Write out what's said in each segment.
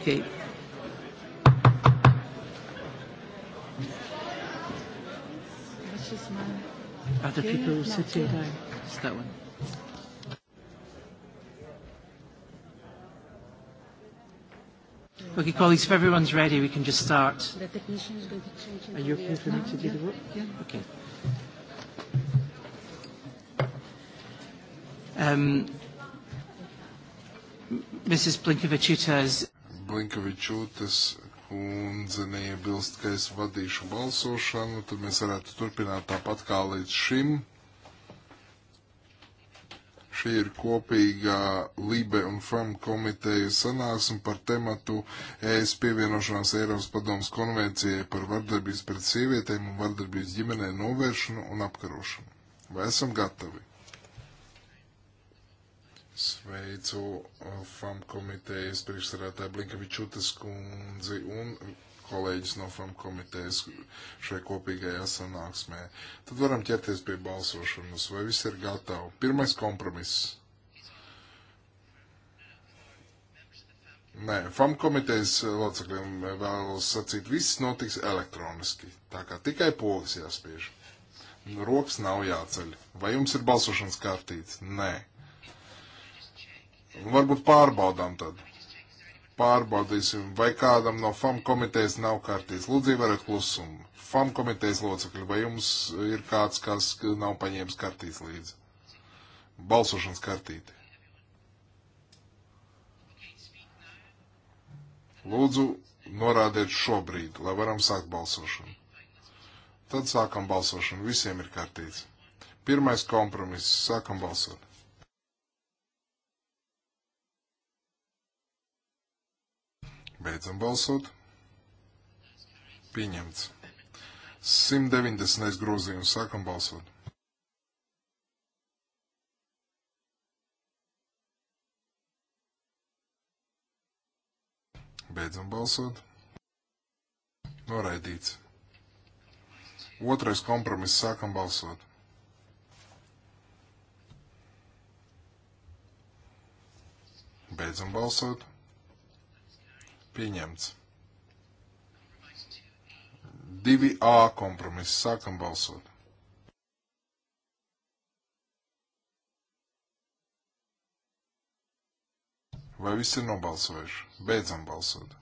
Okay. This is my... Other yeah, people yeah, sitting yeah. down. It's that one. Okay, colleagues, if everyone's ready, we can just start. The technician is going to change. Are you okay for me to do yeah, the work? Yeah. Okay. Um, Mrs. Blinkovich has Blinkevičūtes kundze neiebilst, ka es vadīšu balsošanu, tad mēs varētu turpināt tāpat kā līdz šim. Šī ir kopīgā Libe un FAM komiteja sanāksme par tematu ES pievienošanās Eiropas padomas konvencijai par vardarbības pret sievietēm un vardarbības ģimenē novēršanu un apkarošanu. Vai esam gatavi? Sveicu uh, FAM komitejas priekšsarētāju Blinkavičutas kundzi un kolēģis no FAM komitejas šai kopīgajā sanāksmē. Tad varam ķerties pie balsošanas. Vai viss ir gatavi? Pirmais kompromiss. Nē, FAM komitejas locekļiem vēlos sacīt, viss notiks elektroniski. Tā kā tikai pogas jāspiež. Rokas nav jāceļ. Vai jums ir balsošanas kārtīts? Nē. Varbūt pārbaudām tad. Pārbaudīsim, vai kādam no FAM komitejas nav kārtīs. Lūdzu, varat klusumu. FAM komitejas locekļi, vai jums ir kāds, kas nav paņēmis kartīs līdzi? Balsošanas kartīti. Lūdzu, norādiet šobrīd, lai varam sākt balsošanu. Tad sākam balsošanu. Visiem ir kartīts. Pirmais kompromiss. Sākam balsot. Beidzam balsot. Pieņemts. 190. grozījums. Sākam balsot. Beidzam balsot. Noraidīts. Otrais kompromiss. Sākam balsot. Beidzam balsot. Pieņemts. 2A kompromiss. Sākam balsot. Vai visi ir nobalsojuši? Beidzam balsot.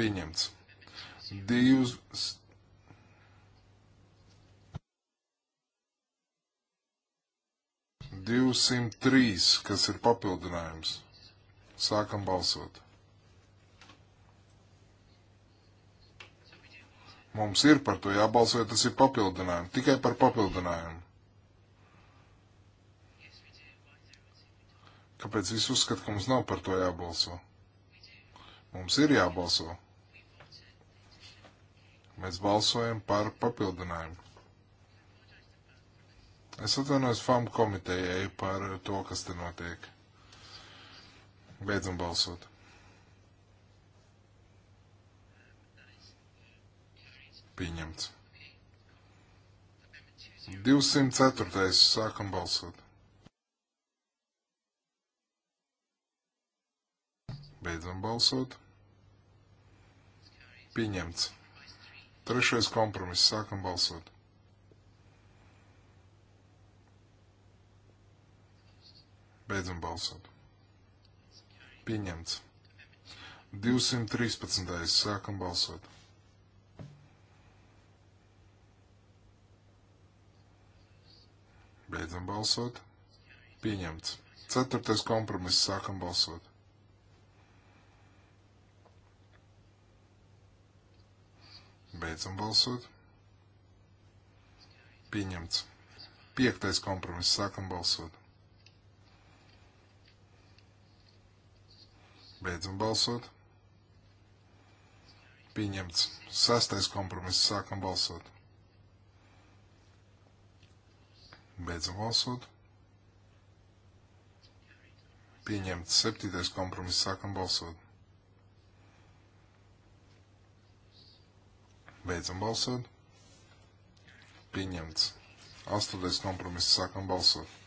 Pieņemts. Divus. Divsimt trīs, kas ir papildinājums. Sākam balsot. Mums ir par to jābalso, ja tas ir papildinājums, tikai par papildinājumu. Kāpēc visi uzskata, ka mums nav par to jābalso? Mums ir jābalso. Mēs balsojam par papildinājumu. Es atvainojos FAM komitejai par to, kas te notiek. Beidzam balsot. pieņemts. 204. sākam balsot. Beidzam balsot. Pieņemts. Trešais kompromiss. Sākam balsot. Beidzam balsot. Pieņemts. 213. Sākam balsot. Beidzam balsot. Pieņemts. Ceturtais kompromiss. Sākam balsot. Beidzam balsot. Pieņemts. Piektais kompromiss. Sākam balsot. Beidzam balsot. Pieņemts. Sastais kompromiss. Sākam balsot. Beidzam balsot. Pieņemts septītais kompromiss. Sākam balsot. Beidzam balsot. Pieņemts. Astotais kompromiss. Sākam balsot.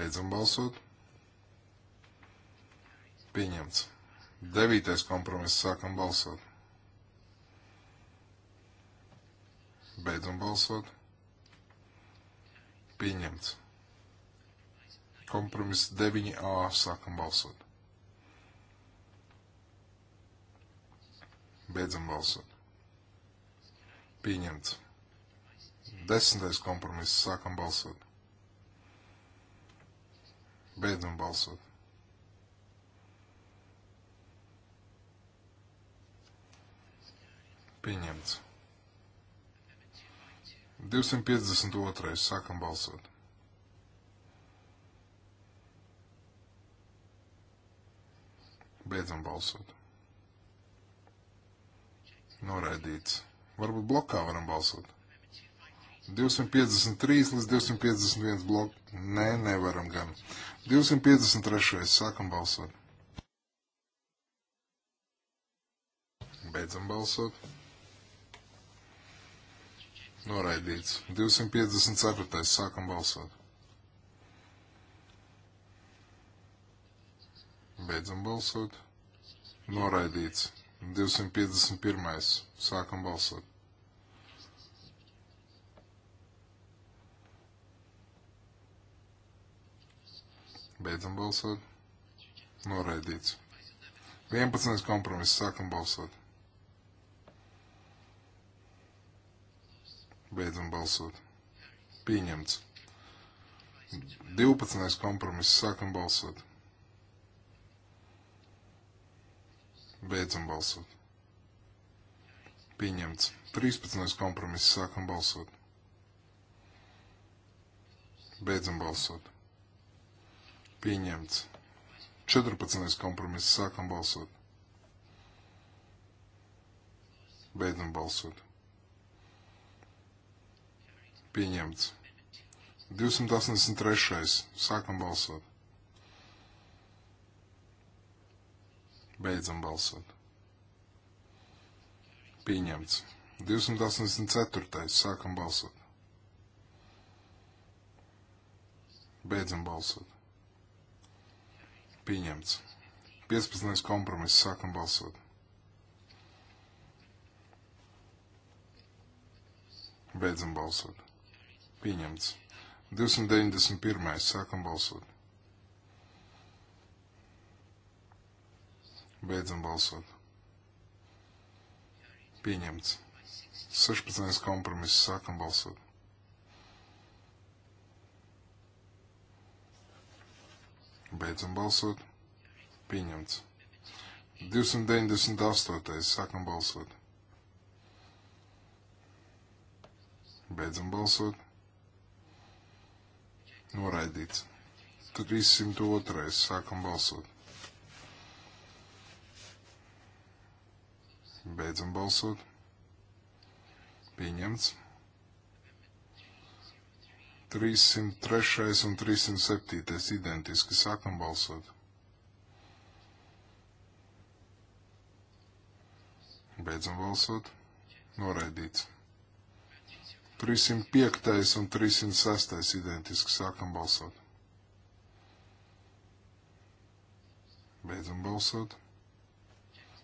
Beidzam balsot. Pieņemts. Devītais kompromiss. Sākam balsot. Beidzam balsot. Pieņemts. Kompromiss 9a. Sākam balsot. Beidzam balsot. Pieņemts. Desmitais kompromiss. Sākam balsot. Beidzam balsot. Pieņemts. 252. Sākam balsot. Beidzam balsot. Noraidīts. Varbūt blokā varam balsot. 253 līdz 251 blok. Nē, nevaram gan. 253. Sākam balsot. Beidzam balsot. Noraidīts. 254. Sākam balsot. Beidzam balsot. Noraidīts. 251. Sākam balsot. Beidzam balsot. Noraidīts. 11. kompromiss. Sākam balsot. Beidzam balsot. Pieņemts. 12. kompromiss. Sākam balsot. Beidzam balsot. Pieņemts. 13. kompromiss. Sākam balsot. Beidzam balsot. Pieņemts. 14. kompromiss. Sākam balsot. Beidzam balsot. Pieņemts. 283. Sākam balsot. Beidzam balsot. Pieņemts. 284. Sākam balsot. Beidzam balsot. Pieņemts. 15. kompromiss. Sākam balsot. Beidzam balsot. Pieņemts. 291. Sākam balsot. Beidzam balsot. Pieņemts. 16. kompromiss. Sākam balsot. Beidzam balsot. Pieņemts. 298. Sākam balsot. Beidzam balsot. Noraidīts. 302. Sākam balsot. Beidzam balsot. Pieņemts. 303. un 307. identiski. Sākam balsot. Beidzam balsot. Noraidīts. 305. un 306. identiski sākam balsot. Beidzam balsot.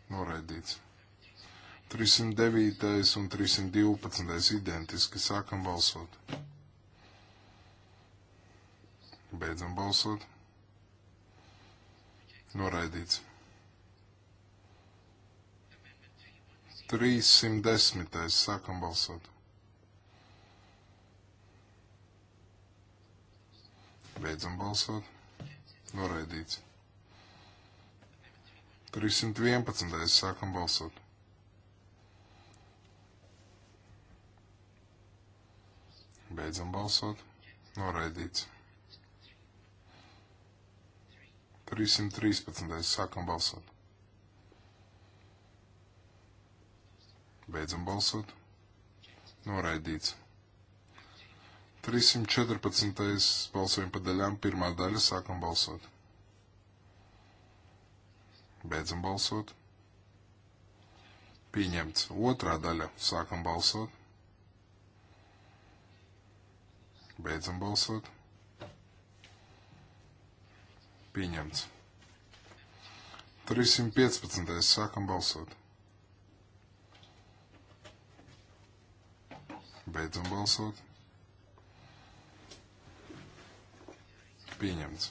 Noraidīts. 309. un 312. identiski sākam balsot. Beidzam balsot. Noraidīts. 310. sākam balsot. Beidzam balsot. Noraidīts. 311. Sākam balsot. Beidzam balsot. Noraidīts. 313. Sākam balsot. Beidzam balsot. Noraidīts. 314. balsojam pa daļām, pirmā daļa, sākam balsot. Beidzam balsot. Pieņemts. Otrā daļa, sākam balsot. Beidzam balsot. Pieņemts. 315. sākam balsot. Beidzam balsot. pieņemts.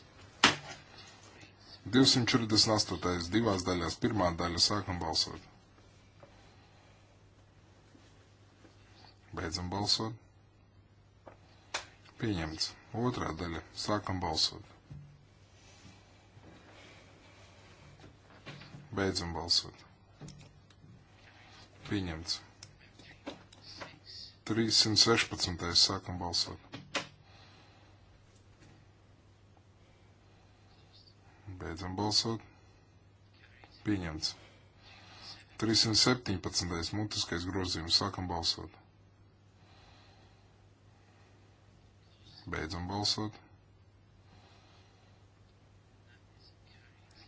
248. divās daļās, pirmā daļa sākam balsot. Beidzam balsot. Pieņemts. Otrā daļa sākam balsot. Beidzam balsot. Pieņemts. 316. sākam balsot. Beidzam balsot. Pieņemts. 317. mutiskais grozījums. Sākam balsot. Beidzam balsot.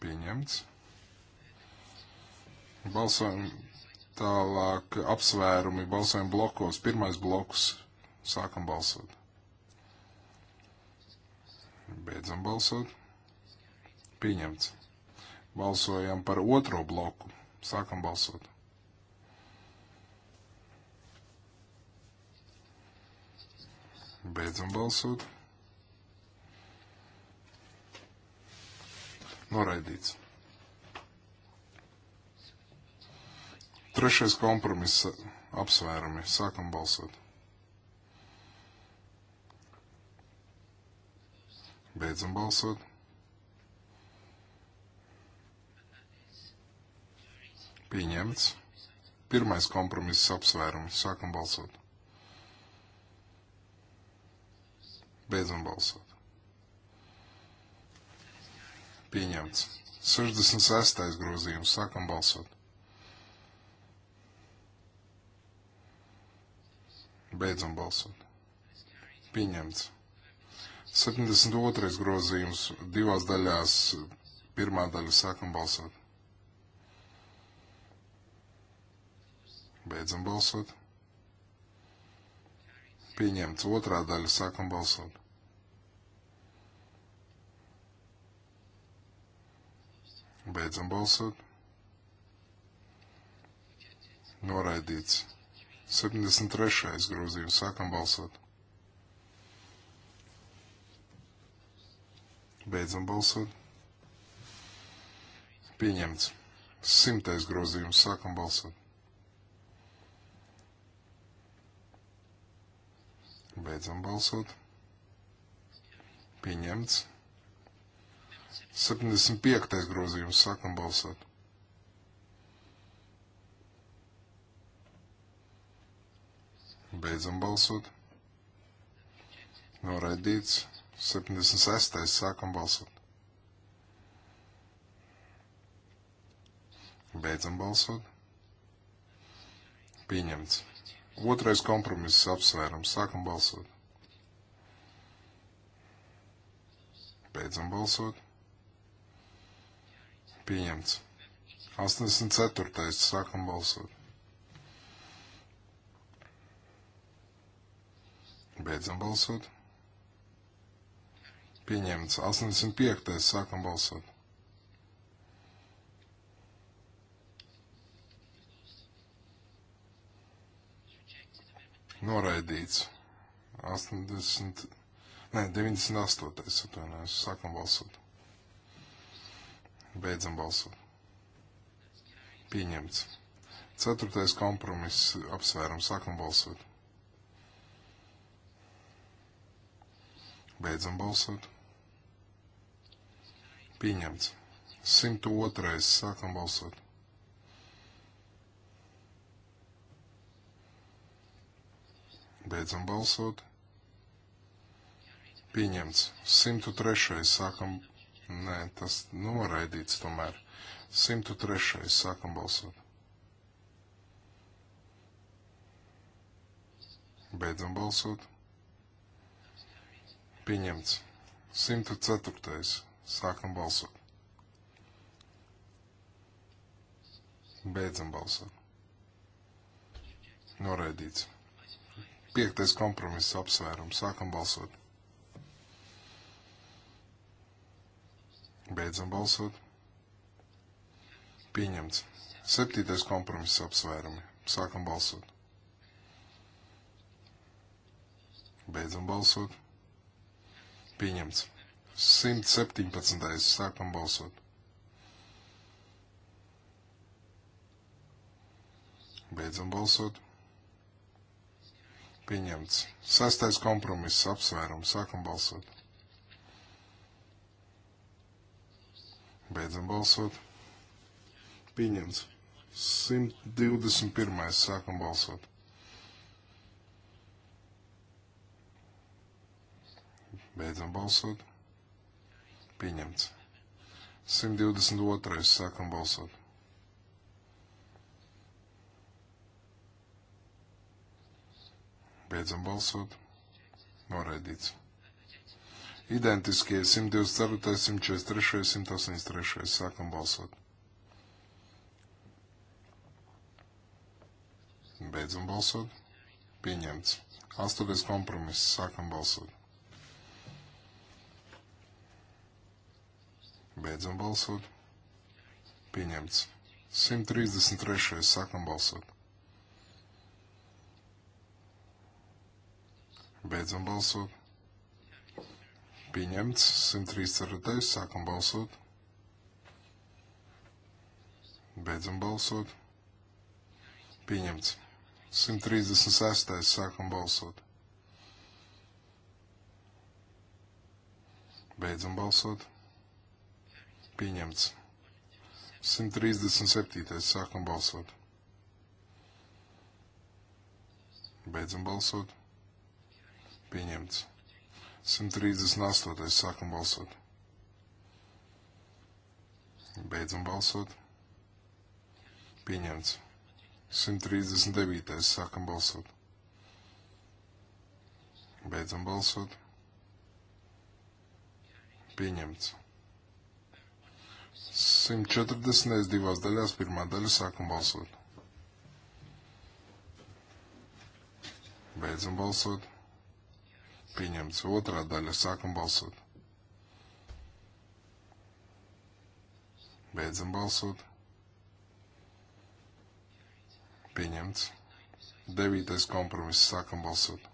Pieņemts. Balsojam tālāk apsvērumi, balsojam blokos. Pirmais bloks. Sākam balsot. Beidzam balsot. Pieņemts. Balsojam par otro bloku. Sākam balsot. Beidzam balsot. Noraidīts. Trešais kompromiss apsvērumi. Sākam balsot. Beidzam balsot. Pieņemts. Pirmais kompromiss apsvērums. Sākam balsot. Beidzam balsot. Pieņemts. 66. grozījums. Sākam balsot. Beidzam balsot. Pieņemts. 72. grozījums divās daļās. Pirmā daļa sākam balsot. Beidzam balsot. Pieņemts otrā daļa. Sākam balsot. Beidzam balsot. Noraidīts. 73. grozījums. Sākam balsot. Beidzam balsot. Pieņemts. Simtais grozījums. Sākam balsot. Beidzam balsot. Pieņemts. 75. grozījums sākam balsot. Beidzam balsot. Noraidīts. 76. sākam balsot. Beidzam balsot. Pieņemts. Otrais kompromiss apsvērums. Sākam balsot. Beidzam balsot. Pieņemts. 84. Sākam balsot. Beidzam balsot. Pieņemts. 85. Sākam balsot. noraidīts. 80, ne, 98. atvainojos, sākam balsot. Beidzam balsot. Pieņemts. Ceturtais kompromiss apsvērum, sākam balsot. Beidzam balsot. Pieņemts. 102. sākam balsot. Beidzam balsot. Pieņemts. 103. sākam. Nē, tas noraidīts nu, tomēr. 103. sākam balsot. Beidzam balsot. Pieņemts. 104. sākam balsot. Beidzam balsot. Noraidīts. Piektais kompromiss apsvērums. Sākam balsot. Beidzam balsot. Pieņemts. Septītais kompromiss apsvērumi. Sākam balsot. Beidzam balsot. Pieņemts. 117. Sākam balsot. Beidzam balsot. Pieņemts. Sastais kompromiss apsvērums. Sākam balsot. Beidzam balsot. Pieņemts. 121. Sākam balsot. Beidzam balsot. Pieņemts. 122. Sākam balsot. Beidzam balsot. Noraidīts. Identiskie 124, 143, 183. Sākam balsot. Beidzam balsot. Pieņemts. Astoties kompromiss. Sākam balsot. Beidzam balsot. Pieņemts. 133. Sākam balsot. Beidzam balsot. Pieņemts 134. Sākam balsot. Beidzam balsot. Pieņemts 136. Sākam balsot. Beidzam balsot. Pieņemts 137. Sākam balsot. Beidzam balsot. Pieņemts. 138. sākam balsot. Beidzam balsot. Pieņemts. 139. sākam balsot. Beidzam balsot. Pieņemts. 140. divās daļās pirmā daļa sākam balsot. Beidzam balsot. Pieņemts otrā daļa. Sākam balsot. Beidzam balsot. Pieņemts. Devītais kompromiss. Sākam balsot.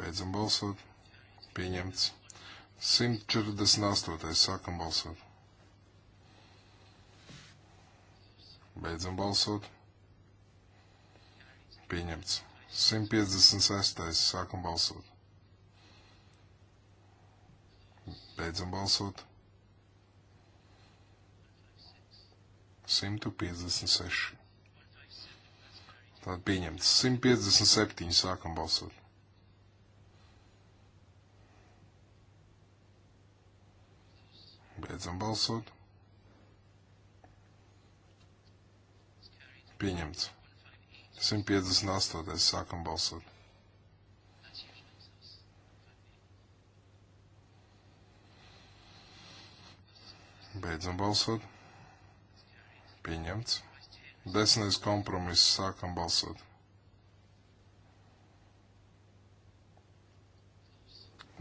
Beidzam balsot. Pieņemts. 148. Sākam balsot. Beidzam balsot. Pieņemts. 156. Sākam balsot. Beidzam balsot. 156. Tātad pieņemts. 157. Sākam balsot. Beidzam balsot. Pieņemts. 158. sākam balsot. Beidzam balsot. Pieņemts. Desmitais kompromiss. Sākam balsot.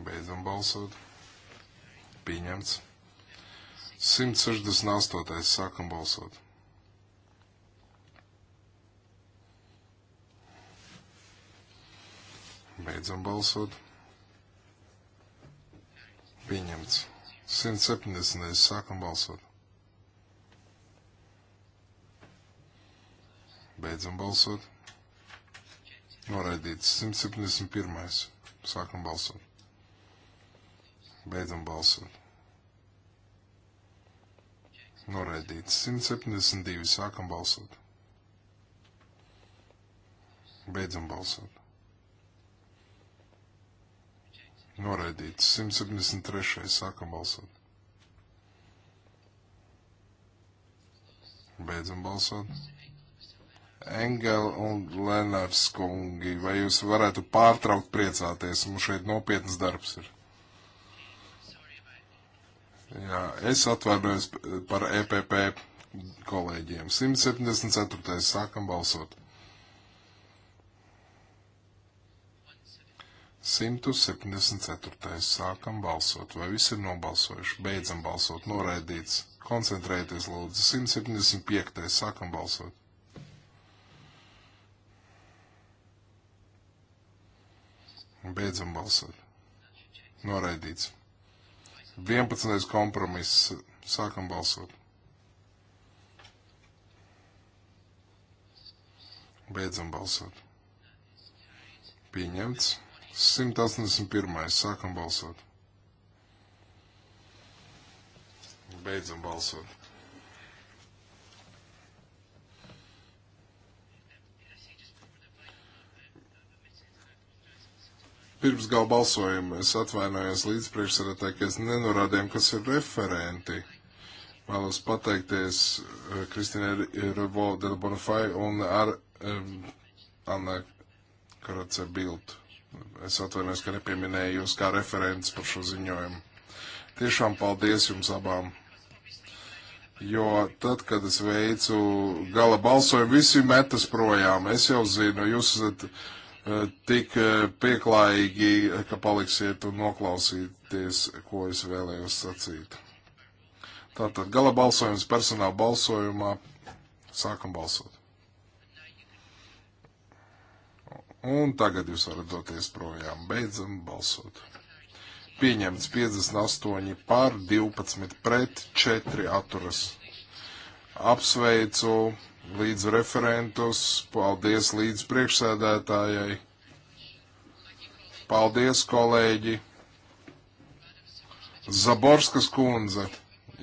Beidzam balsot. Pieņemts. 168. Sākam balsot. Beidzam balsot. Pieņemts. 170. Sākam balsot. Beidzam balsot. Noraidīts. 171. Sākam balsot. Beidzam balsot. Noraidīts. 172. Sākam balsot. Beidzam balsot. Noraidīts. 173. Sākam balsot. Beidzam balsot. Engela un Lenārs kungi, vai jūs varētu pārtraukt priecāties? Mums šeit nopietnas darbs ir. Jā, es atvainojos par EPP kolēģiem. 174. sākam balsot. 174. Sākam balsot. Vai visi ir nobalsojuši? Beidzam balsot. Noraidīts. Koncentrējieties, lūdzu. 175. Sākam balsot. Beidzam balsot. Noraidīts. 11. kompromiss. Sākam balsot. Beidzam balsot. Pieņemts. 181. Sākam balsot. Beidzam balsot. Pirms gal balsojuma es atvainojos līdzpriekšsēdētāji, ka es nenorādīju, kas ir referenti. Vēlos pateikties eh, Kristīnai Revo de Bonafai un ar um, Anna Karace Biltu. Es atvainojos, ka nepieminēju jūs kā referents par šo ziņojumu. Tiešām paldies jums abām. Jo tad, kad es veicu gala balsojumu, visi metas projām. Es jau zinu, jūs esat eh, tik eh, pieklājīgi, ka paliksiet un noklausīties, ko es vēlējos sacīt. Tātad gala balsojums personāla balsojumā. Sākam balsot. Un tagad jūs varat doties projām. Beidzam balsot. Pieņemts 58 pār 12 pret 4 atturas. Apsveicu līdz referentus, paldies līdz priekšsēdētājai. Paldies, kolēģi! Zaborskas kundze,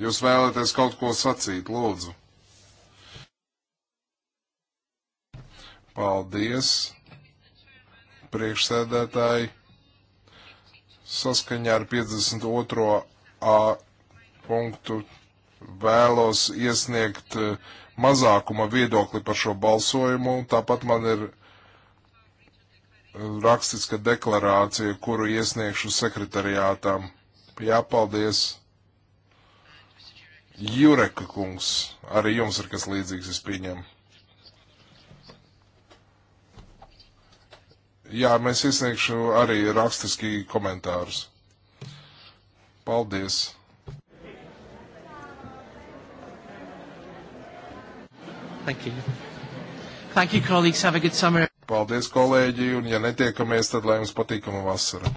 jūs vēlaties kaut ko sacīt, lūdzu. Paldies! priekšsēdētāji. Saskaņā ar 52. A punktu vēlos iesniegt eh, mazākuma viedokli par šo balsojumu. Tāpat man ir eh, rakstiska deklarācija, kuru iesniegšu sekretariātām. Jāpaldies. Jureka kungs, arī jums ir kas līdzīgs, es pieņemu. Jā, mēs izsniegšu arī rakstiski komentārus. Paldies! Thank you. Thank you, colleagues. Have a good summer. Paldies, kolēģi, un ja netiekamies, tad lai jums patīkama vasara.